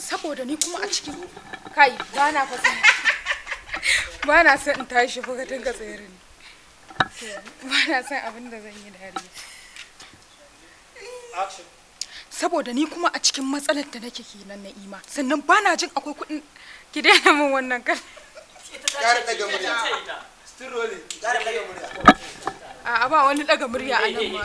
saboda ni kuma a cikin kai ba na fasa ba na son in tashi fuka tun ka dinga tsayar ni ba na son abin da zan yi dariya saboda ni kuma a cikin matsalar da nake kenan na ima sannan ba na jin akwai kuɗin ki daina min wannan kan murya. murya. a ba wani daga murya a nan ma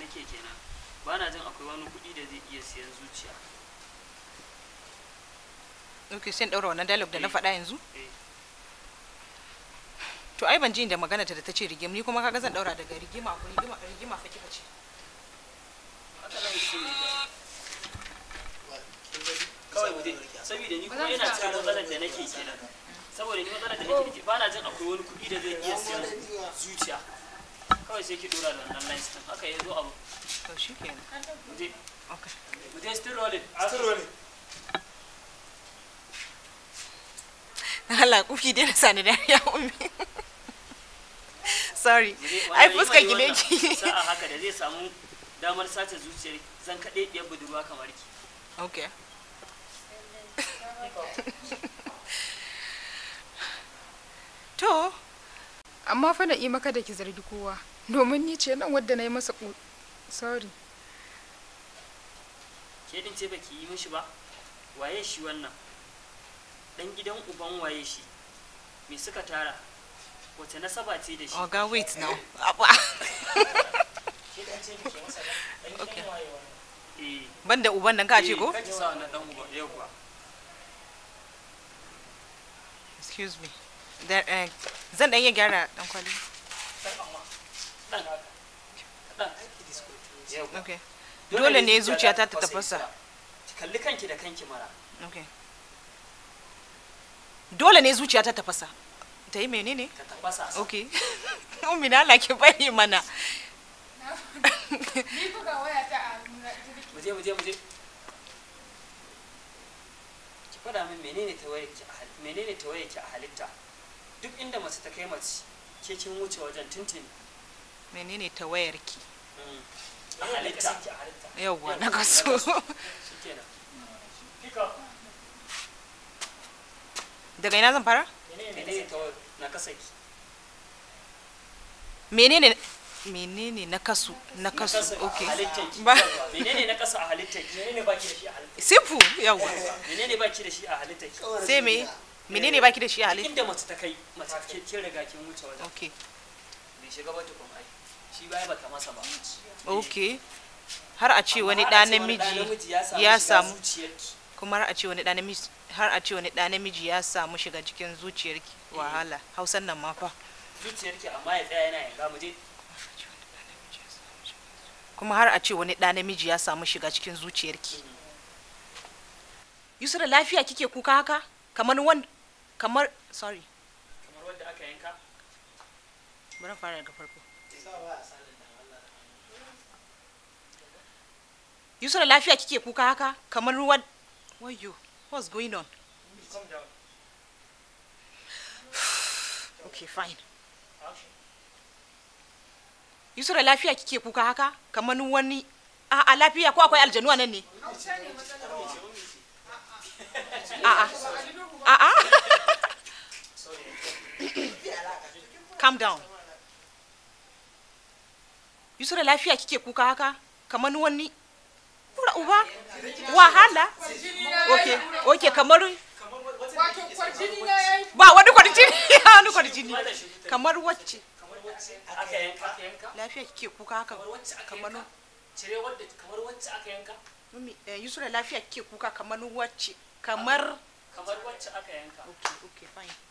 nake kenan ba na jin akwai wani kuɗi da zai iya siyan zuciya ok sai daura wannan dialogue da na eh. faɗa yanzu eh. to ai ban ji da magana ta da ta ce rigima ni kuma kaga zan daura daga rigima ko rigima rigima fa kika ce saboda ni kuma yana cikin matsalar da nake kenan saboda ni matsalar da nake ba na jin akwai wani kuɗi da zai iya siyan zuciya kawai sai ki dora da wannan line stem haka yazo abu to shikenan kenan muje okay muje still rolling ah, still rolling Allah kuki dai na sani da ya ummi sorry ai fuska ki ne ki sa'a haka da zai samu damar sace zuciyar zan kade biyar budurwa kamar ki okay to amma fa na maka da ki zargi kowa domin ni ce nan wadda na yi masa sorry ke din ce baki yi mishi ba waye shi wannan dan gidan uban waye shi me suka tara wace nasaba ce da shi oh ga wait now abba ke din ce eh. banda uban nan ka ce ko eh, kaji sa dan uban yau ba excuse me Eh, zan dan iya gyara dan kwali dole ne zuciya ta tafasa kalli kanki da kanki mara dole ne zuciya ta tafasa ta yi menene ta tafasa ok umina ala ki bayi mana ni buga waya ta a muje muje muje ki fada min menene ta waye ki menene ta waye ki a halitta duk inda mace ta kai mace ke kin wuce wajen tuntuni menene ta wayar ki a halitta yawwa na kaso daga ina zan fara menene ta na kasa ki menene menene na kasu na kasu ok ba menene na kasu a halittar menene baki da shi a halittar sifu yawa menene baki da shi a halittar sai me menene ba ki da shi a halin inda mace ta kai mace ke kin riga kin wuce wajen okay bai shiga ba tukun ai shi ba bata masa ba okay har a ce wani ɗa namiji ya samu kuma har a ce wani ɗa namiji har a ce wani ɗa namiji ya samu shiga cikin zuciyarki eh. wahala hausan nan ma fa zuciyarki amma ya tsaya yana yanga mu je kuma har a ce wani ɗa namiji ya samu shiga cikin zuciyarki mm. yusra lafiya kike kuka haka kamar wani kamar sorry kamar wanda aka yanka bari fara daga farko yusra lafiya kike kuka haka kamar ruwa wayo what's going on okay fine yusra lafiya kike kuka haka kamar wani a lafiya ko akwai aljanuwa nan ne a'a a'a calm down yusura lafiya kike kuka haka kamar wani uba wahala okay okay kamar ba wani kwarjini ya wani kwarjini kamar wacce lafiya kike kuka haka kamar wadda wacce aka yanka eh, lafiya kike kuka kamar wacce kamar kamar wacce aka yanka okay okay fine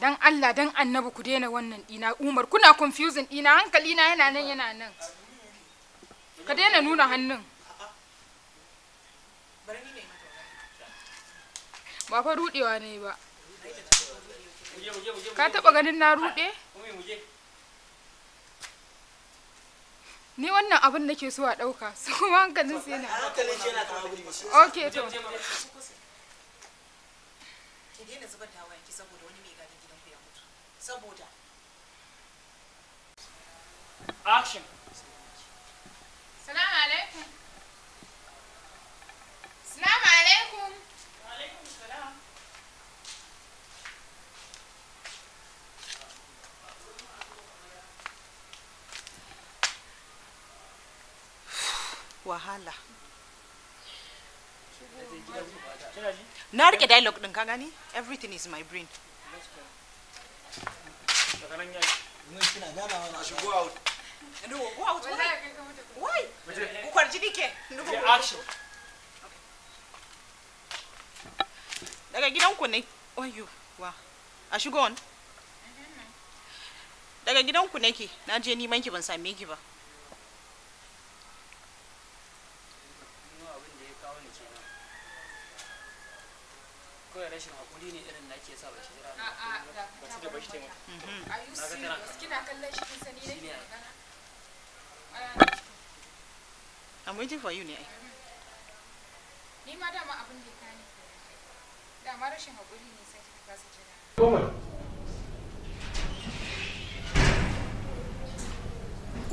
dan Allah dan annabi ku daina wannan dina Umar kuna confusing dina hankali na yana nan yana nan ka daina nuna hannun ba fa rudewa ne ba ka taba ganin na rude ni wannan abin nake so a dauka su kuma hankalin sai na okay to ki daina zubar da hawayenki saboda wani mai gadin gidanku ya mutu saboda action salamu alaikum salamu alaikum alaikum salam wahala na rike dialogue din ka gani everything is my brain daga gidanku ne wa a shigo daga gidanku nake na je neman ki ban same ki ba kawai rashin hakuri ne I'm waiting for you ne ai ni ma dama abin da ka ne dama rashin hakuri sai ka kasa jira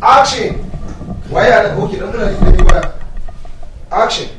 Action! Why are the do action.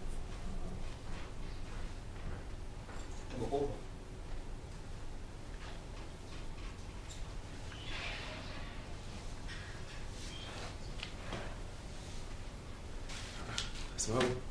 So